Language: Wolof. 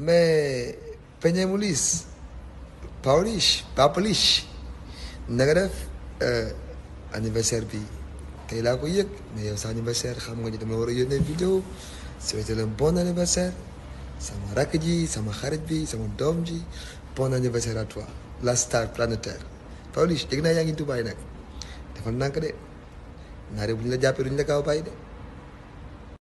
mais Peñemoulis Pawlish Papalish na nga def euh, anniversaire bi tey laa ko yëg mais yow sa anniversaire xam nga ni dama war a yónnee vidéo souhaité la bon anniversaire sama rakk ji sama xarit bi sama doom ji bon anniversaire à toi la star planétaire Pawlish dégg naa yaa ngi Dubaay nag dafa nànk de naare bu ñu la jàppee du ñu de.